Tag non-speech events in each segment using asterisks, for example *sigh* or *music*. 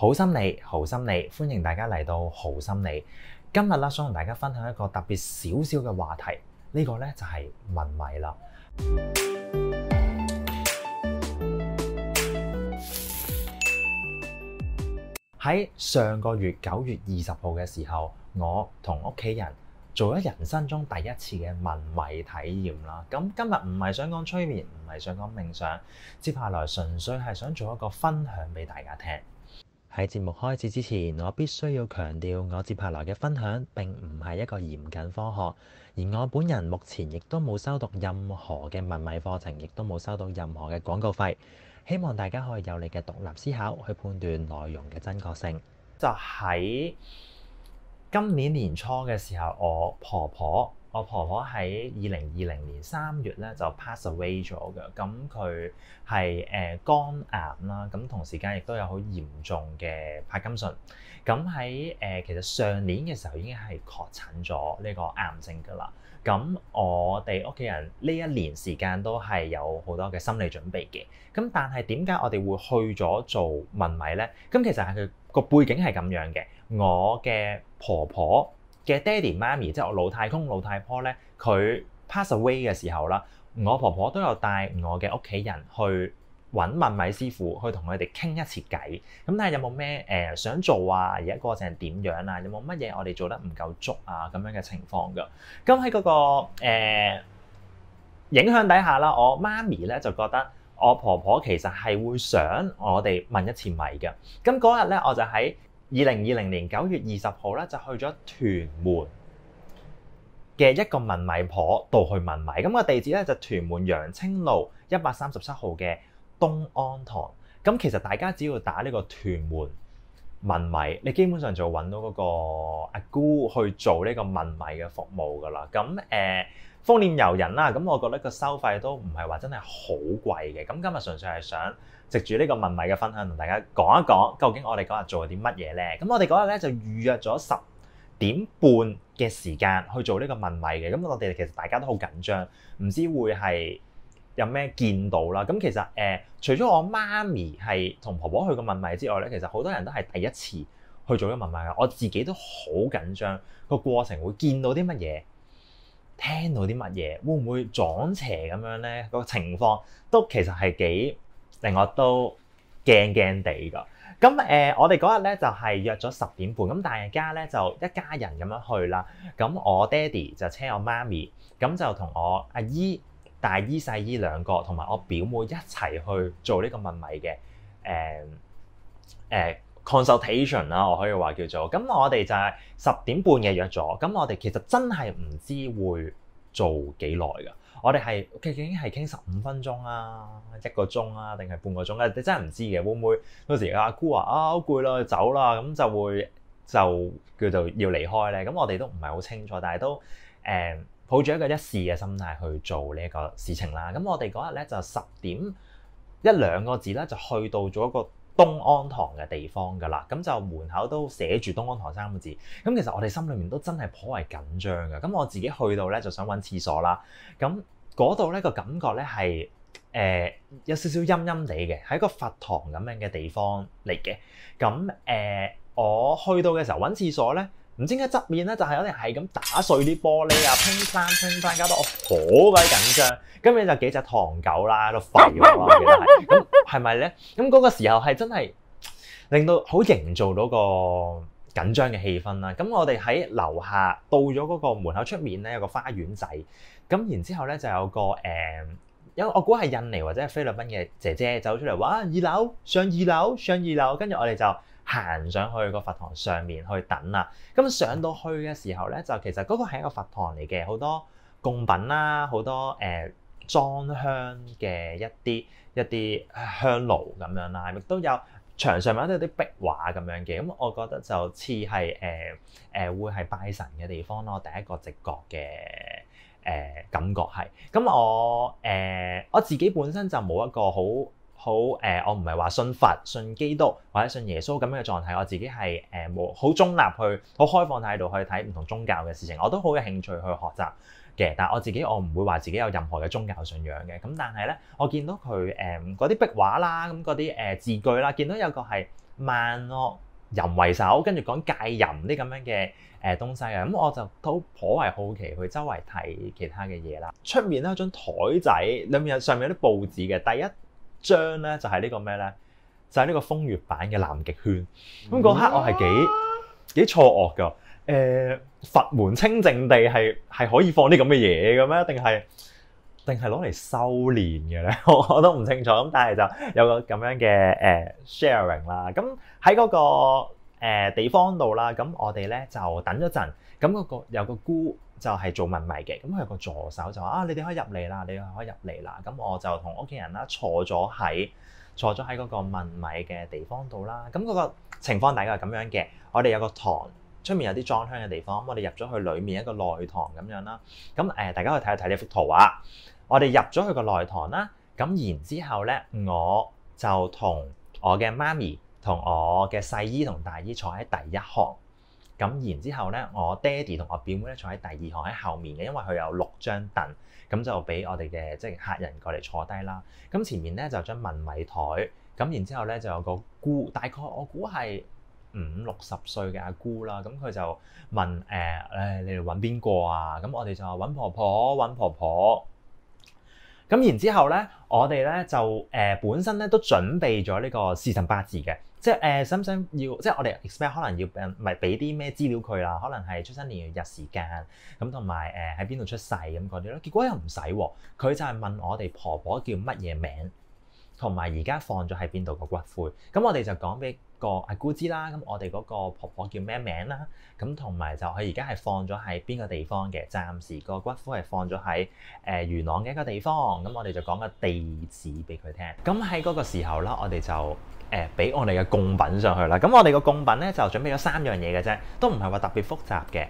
好心理，好心理，歡迎大家嚟到好心理。今日咧，想同大家分享一個特別少少嘅話題。呢、這個呢，就係問米啦。喺 *music* 上個月九月二十號嘅時候，我同屋企人做咗人生中第一次嘅問米體驗啦。咁今日唔係想講催眠，唔係想講冥想，接下來純粹係想做一個分享俾大家聽。喺節目開始之前，我必須要強調，我接下來嘅分享並唔係一個嚴謹科學，而我本人目前亦都冇修讀任何嘅問米課程，亦都冇收到任何嘅廣告費。希望大家可以有你嘅獨立思考去判斷內容嘅真確性。就喺今年年初嘅時候，我婆婆。我婆婆喺二零二零年三月咧就 pass away 咗嘅，咁佢係誒肝癌啦，咁、嗯、同時間亦都有好嚴重嘅帕金遜，咁喺誒其實上年嘅時候已經係確診咗呢個癌症噶啦，咁、嗯、我哋屋企人呢一年時間都係有好多嘅心理準備嘅，咁、嗯、但係點解我哋會去咗做問米咧？咁、嗯、其實係佢個背景係咁樣嘅，我嘅婆婆。嘅爹哋媽咪，即係我老太公老太婆咧，佢 pass away 嘅時候啦，我婆婆都有帶我嘅屋企人去搵問米師傅，去同佢哋傾一次偈。咁但係有冇咩誒想做啊？而家過程點樣啊？有冇乜嘢我哋做得唔夠足啊？咁樣嘅情況噶。咁喺嗰個、呃、影響底下啦，我媽咪咧就覺得我婆婆其實係會想我哋問一次米嘅。咁嗰日咧，我就喺。二零二零年九月二十號咧，就去咗屯門嘅一個問米婆度去問米。咁個地址咧就屯門楊青路一百三十七號嘅東安堂。咁其實大家只要打呢個屯門問米，你基本上就揾到嗰個阿姑去做呢個問米嘅服務噶啦。咁誒。呃豐儉由人啦，咁我覺得個收費都唔係話真係好貴嘅。咁今日純粹係想藉住呢個問米嘅分享，同大家講一講究竟我哋嗰日做咗啲乜嘢呢。咁我哋嗰日咧就預約咗十點半嘅時間去做呢個問米嘅。咁我哋其實大家都好緊張，唔知會係有咩見到啦。咁其實誒、呃，除咗我媽咪係同婆婆去過問米之外咧，其實好多人都係第一次去做咗問米嘅。我自己都好緊張，個過程會見到啲乜嘢。聽到啲乜嘢會唔會撞邪咁樣咧？個情況都其實係幾令我都驚驚地㗎。咁誒、呃，我哋嗰日咧就係、係、約咗十點半，咁大家咧就一家人咁樣去啦。咁我爹哋就車我媽咪，咁就同我阿姨、大姨、細姨兩個同埋我表妹一齊去做呢個問米嘅誒誒。呃呃 c o n s u l t a t i o n 啦，我可以話叫做咁，我哋就係十點半嘅約咗，咁我哋其實真係唔知會做幾耐嘅。我哋係究竟係傾十五分鐘啊，一個鐘啊，定係半個鐘咧、啊？你真係唔知嘅，會唔會到時阿姑話啊好攰啦，走啦，咁就會就叫做要離開咧？咁我哋都唔係好清楚，但係都誒、嗯、抱住一個一試嘅心態去做呢一個事情啦。咁我哋嗰日咧就十點一兩個字咧就去到咗一個東安堂嘅地方㗎啦，咁就門口都寫住東安堂三個字，咁其實我哋心裏面都真係頗為緊張嘅，咁我自己去到咧就想揾廁所啦，咁嗰度咧個感覺咧係誒有少少陰陰地嘅，喺一個佛堂咁樣嘅地方嚟嘅，咁誒、呃、我去到嘅時候揾廁所咧。唔知點解側面咧就係、是、有啲人係咁打碎啲玻璃啊，拼翻拼翻，搞到我好鬼緊張。咁樣就幾隻唐狗啦喺度吠喎，咁係咪咧？咁嗰、嗯、個時候係真係令到好營造到個緊張嘅氣氛啦。咁我哋喺樓下到咗嗰個門口出面咧有個花園仔。咁然之後咧就有個誒，有、呃、我估係印尼或者係菲律賓嘅姐姐走出嚟話：二樓，上二樓，上二樓。跟住我哋就。行上去個佛堂上面去等啦，咁上到去嘅時候咧，就其實嗰個係一個佛堂嚟嘅，好多供品啦，好多誒裝、呃、香嘅一啲一啲香爐咁樣啦，亦都有牆上面都有啲壁畫咁樣嘅，咁我覺得就似係誒誒會係拜神嘅地方咯，第一個直覺嘅誒、呃、感覺係。咁我誒、呃、我自己本身就冇一個好。好誒、呃，我唔係話信佛、信基督或者信耶穌咁樣嘅狀態，我自己係誒冇好中立去、好開放態度去睇唔同宗教嘅事情，我都好有興趣去學習嘅。但係我自己我唔會話自己有任何嘅宗教信仰嘅。咁但係咧，我見到佢誒嗰啲壁畫啦，咁嗰啲誒字句啦，見到有個係萬惡淫為首，跟住講戒淫啲咁樣嘅誒東西嘅，咁、嗯、我就都頗為好奇去周圍睇其他嘅嘢啦。出面咧有張台仔裏面有上面有啲報紙嘅，第一張咧就係呢個咩咧？就係、是、呢、就是、個風月版嘅南極圈。咁、那、嗰、個、刻我係幾、啊、幾錯愕㗎。誒、呃、佛門清淨地係係可以放啲咁嘅嘢嘅咩？定係定係攞嚟修練嘅咧？我我都唔清楚。咁但係就有個咁樣嘅誒、呃、sharing 啦。咁喺嗰個、呃、地方度啦。咁我哋咧就等咗陣。咁、那、嗰個有個姑。就係做問米嘅，咁佢有個助手就話：啊，你哋可以入嚟啦，你哋可以入嚟啦。咁我就同屋企人啦，坐咗喺坐咗喺嗰個問米嘅地方度啦。咁、那、嗰個情況大概係咁樣嘅。我哋有個堂，出面有啲裝香嘅地方。我哋入咗去裡面一個內堂咁樣啦。咁誒，大家可以睇一睇呢幅圖啊。我哋入咗去個內堂啦。咁然之後咧，我就同我嘅媽咪、同我嘅細姨同大姨坐喺第一行。咁然之後咧，我爹哋同我表妹咧坐喺第二行喺後面嘅，因為佢有六張凳，咁就俾我哋嘅即係客人過嚟坐低啦。咁前面咧就有張問米台，咁然之後咧就有個姑，大概我估係五六十歲嘅阿姑啦。咁佢就問誒誒、哎、你哋揾邊個啊？咁我哋就話揾婆婆，揾婆婆。咁然之後咧，我哋咧就誒本身咧都準備咗呢個時辰八字嘅。即係誒，想唔想要？即係我哋 expect 可能要誒，唔係俾啲咩資料佢啦。可能係出生年月日時間，咁同埋誒喺邊度出世咁嗰啲咯。結果又唔使喎，佢就係問我哋婆婆叫乜嘢名，同埋而家放咗喺邊度個骨灰。咁我哋就講俾個阿姑知啦。咁我哋嗰個婆婆叫咩名啦？咁同埋就佢而家係放咗喺邊個地方嘅？暫時個骨灰係放咗喺誒元朗嘅一個地方。咁我哋就講個地址俾佢聽。咁喺嗰個時候啦，我哋就，誒俾我哋嘅供品上去啦，咁我哋個供品咧就準備咗三樣嘢嘅啫，都唔係話特別複雜嘅，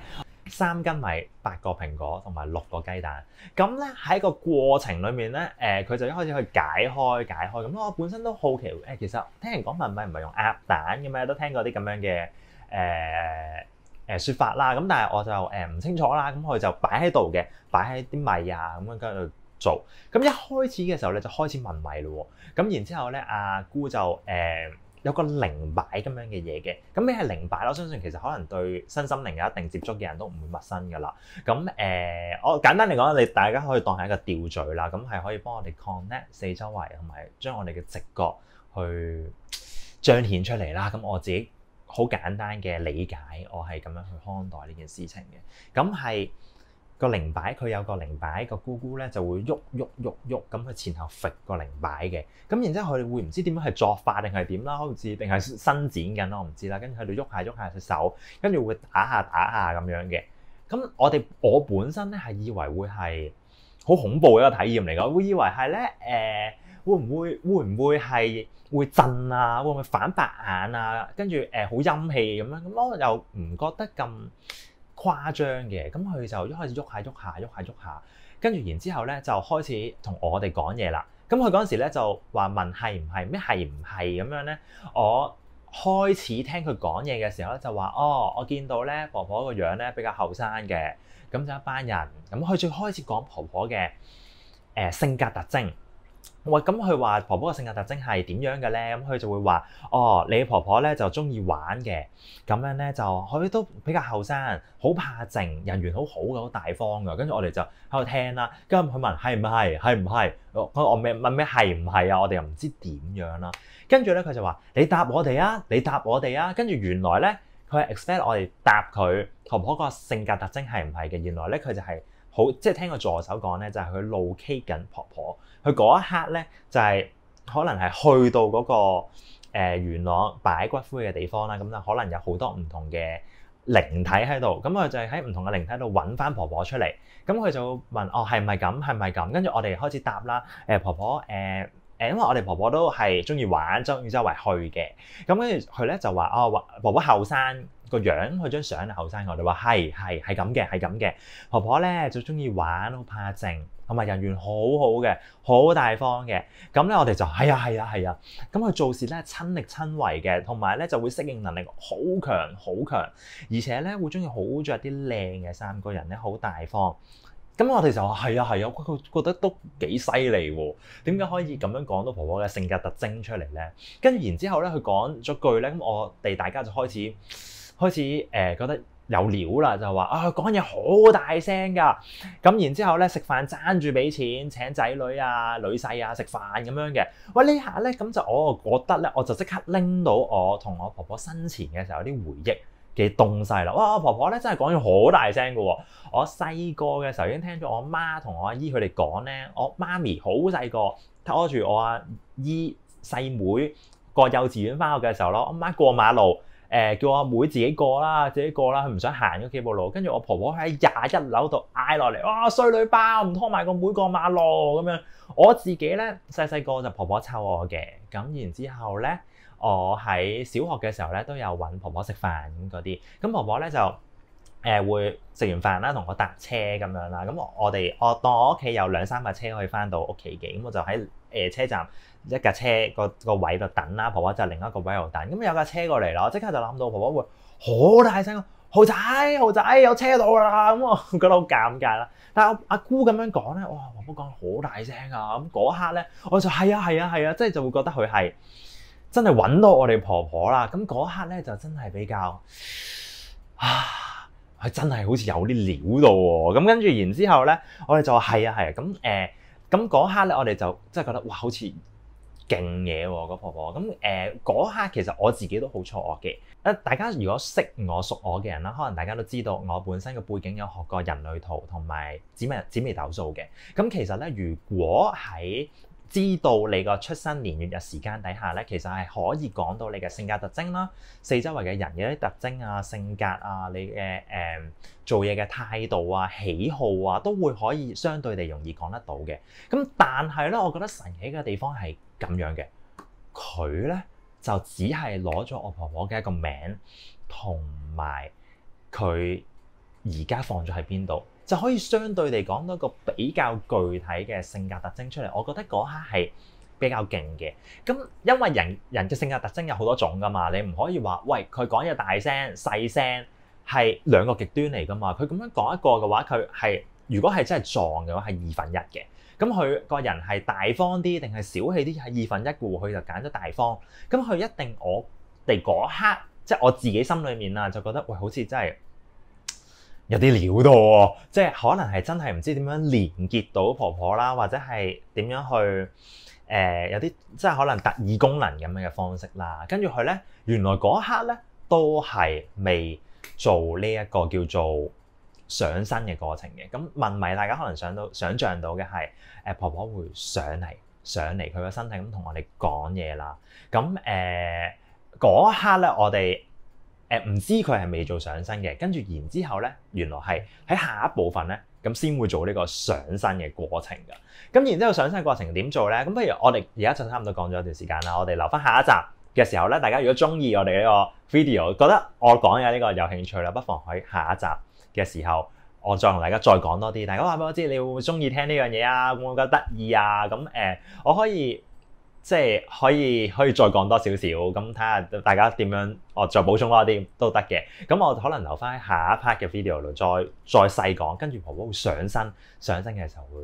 三斤米、八個蘋果同埋六個雞蛋。咁咧喺個過程裏面咧，誒、呃、佢就一開始去解開、解開，咁我本身都好奇誒、欸，其實聽人講問米唔係用鴨蛋嘅咩？都聽過啲咁樣嘅誒誒説法啦。咁但係我就誒唔、呃、清楚啦。咁佢就擺喺度嘅，擺喺啲米啊咁樣嗰度。做咁一開始嘅時候咧，就開始問米咯喎。咁然之後咧，阿、啊、姑就誒、呃、有個靈擺咁樣嘅嘢嘅。咁咩係靈擺？我相信其實可能對身心靈有一定接觸嘅人都唔會陌生噶啦。咁誒、呃，我簡單嚟講，你大家可以當係一個吊墜啦。咁係可以幫我哋 connect 四周圍，同埋將我哋嘅直覺去彰顯出嚟啦。咁我自己好簡單嘅理解，我係咁樣去看待呢件事情嘅。咁係。個靈擺，佢有個靈擺，個姑姑咧就會喐喐喐喐咁，佢前後揈個靈擺嘅。咁然之後佢哋會唔知點樣去作法定係點啦，好似定係伸展緊咯，我唔知啦。跟住喺度喐下喐下隻手，跟住會打下打下咁樣嘅。咁我哋我本身咧係以為會係好恐怖嘅一個體驗嚟㗎，會以為係咧誒會唔會會唔會係會震啊，會唔會反白眼啊？跟住誒好陰氣咁樣咁，我又唔覺得咁。誇張嘅，咁佢就一開始喐下喐下，喐下喐下，跟住然之後咧就開始同我哋講嘢啦。咁佢嗰陣時咧就話問係唔係咩係唔係咁樣咧？我開始聽佢講嘢嘅時候咧就話哦，我見到咧婆婆個樣咧比較後生嘅，咁就一班人。咁佢最開始講婆婆嘅誒、呃、性格特徵。喂，咁佢話婆婆個性格特徵係點樣嘅咧？咁、嗯、佢就會話：哦，你婆婆咧就中意玩嘅，咁樣咧就佢都比較後生，好怕靜，人緣好好嘅，好大方嘅。跟住我哋就喺度聽啦。咁佢問係唔係？係唔係？我我問咩係唔係啊？我哋又唔知點樣啦。跟住咧佢就話：你答我哋啊！你答我哋啊！跟住原來咧，佢係 expect 我哋答佢婆婆個性格特徵係唔係嘅。原來咧佢就係、是。好，即係聽個助手講咧，就係佢路 K 緊婆婆，佢嗰一刻咧就係可能係去到嗰個誒元朗擺骨灰嘅地方啦，咁就可能有好多唔同嘅靈體喺度，咁佢就係喺唔同嘅靈體度揾翻婆婆出嚟，咁佢就問哦，係咪咁，係咪咁？跟住我哋開始答啦，誒婆婆誒、誒，因為我哋婆婆都係中意玩，中意周圍去嘅，咁跟住佢咧就話哦，婆婆後生。個樣佢張相後生，我哋話係係係咁嘅係咁嘅。婆婆咧就中意玩，好怕靜，同埋人緣好好嘅，好大方嘅。咁咧我哋就係啊係啊係啊。咁佢做事咧親力親為嘅，同埋咧就會適應能力好強好強，而且咧會中意好着啲靚嘅衫，個人咧好大方。咁我哋就話係啊係啊，佢覺得都幾犀利喎。點解可以咁樣講到婆婆嘅性格特徵出嚟咧？跟住然之後咧，佢講咗句咧，咁我哋大家就開始。開始誒覺得有料啦，就、哦、話啊講嘢好大聲噶，咁然之後咧，食飯爭住俾錢，請仔女啊女婿啊食飯咁樣嘅。喂呢下咧，咁就我覺得咧，我就即刻拎到我同我婆婆生前嘅時候啲回憶嘅東西啦。哇！我婆婆咧真係講嘢好大聲嘅喎，我細個嘅時候已經聽咗我媽同我阿姨佢哋講咧，我媽咪好細個拖住我阿姨細妹過幼稚園翻學嘅時候咯，我媽過馬路。誒、呃、叫我阿妹自己過啦，自己過啦，佢唔想行咗幾步路。跟住我婆婆喺廿一樓度嗌落嚟，哇衰女包唔拖埋個妹過馬路咁樣。我自己咧細細個就婆婆湊我嘅，咁然之後咧，我喺小學嘅時候咧都有揾婆婆食飯嗰啲，咁婆婆咧就。誒會食完飯啦，同我搭車咁樣啦，咁我哋我當我屋企有兩三架車可以翻到屋企嘅，咁我就喺誒車站一架車個個位度等啦。婆婆就另一個位度等，咁有架車過嚟啦，即刻就諗到婆婆會好大聲，豪仔豪仔，豪仔有車到啦，咁我覺得好尷尬啦。但阿阿姑咁樣講咧，哇婆婆講好大聲啊，咁嗰刻咧我就係啊係啊係啊，即係、啊啊啊啊、就會覺得佢係真係揾到我哋婆婆啦。咁嗰刻咧就真係比較啊～佢真係好似有啲料到喎。哦，咁跟住然之後咧，我哋就話係啊係啊，咁誒咁嗰刻咧，我哋就真係覺得哇，好似勁嘢喎，嗰婆婆。咁誒嗰刻其實我自己都好錯愕嘅。誒大家如果識我熟我嘅人啦，可能大家都知道我本身嘅背景有學過人類圖同埋紫微紫微斗數嘅。咁其實咧，如果喺知道你個出生年月日時間底下咧，其實係可以講到你嘅性格特徵啦，四周圍嘅人嘅一啲特徵啊、性格啊、你嘅誒、呃、做嘢嘅態度啊、喜好啊，都會可以相對地容易講得到嘅。咁但係咧，我覺得神奇嘅地方係咁樣嘅，佢咧就只係攞咗我婆婆嘅一個名，同埋佢而家放咗喺邊度。就可以相對嚟講到一個比較具體嘅性格特徵出嚟，我覺得嗰刻係比較勁嘅。咁因為人人嘅性格特徵有好多種㗎嘛，你唔可以話喂，佢講嘢大聲細聲係兩個極端嚟㗎嘛。佢咁樣講一個嘅話，佢係如果係真係撞嘅話係二分一嘅。咁佢個人係大方啲定係小氣啲係二分一嘅喎，佢就揀咗大方。咁佢一定我哋嗰刻即係、就是、我自己心裡面啊，就覺得喂，好似真係。有啲料到喎，即係可能係真係唔知點樣連結到婆婆啦，或者係點樣去誒、呃、有啲即係可能特異功能咁樣嘅方式啦。跟住佢咧，原來嗰一刻咧都係未做呢一個叫做上身嘅過程嘅。咁問埋大家可能想到、想像到嘅係誒婆婆會上嚟、上嚟佢個身體咁同我哋講嘢啦。咁誒嗰一刻咧，我哋。誒唔知佢係未做上身嘅，跟住然之後咧，原來係喺下一部分咧，咁先會做呢個上身嘅過程㗎。咁然之後上身過程點做咧？咁不如我哋而家就差唔多講咗一段時間啦。我哋留翻下一集嘅時候咧，大家如果中意我哋呢個 video，覺得我講嘅呢個有興趣啦，不妨喺下一集嘅時候，我再同大家再講多啲。大家話俾我我知，你會唔會中意聽呢樣嘢啊？會唔會覺得得意啊？咁誒，呃，我可以。即係可以可以再講多少少咁睇下大家點樣，我再補充多啲都得嘅。咁我可能留翻下一 part 嘅 video 度再再細講，跟住婆婆會上身上身嘅時候會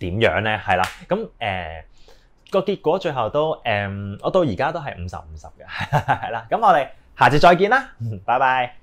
點樣咧？係啦，咁誒個結果最後都誒、呃，我到而家都係五十五十嘅，係 *laughs* 啦。咁我哋下次再見啦，拜拜。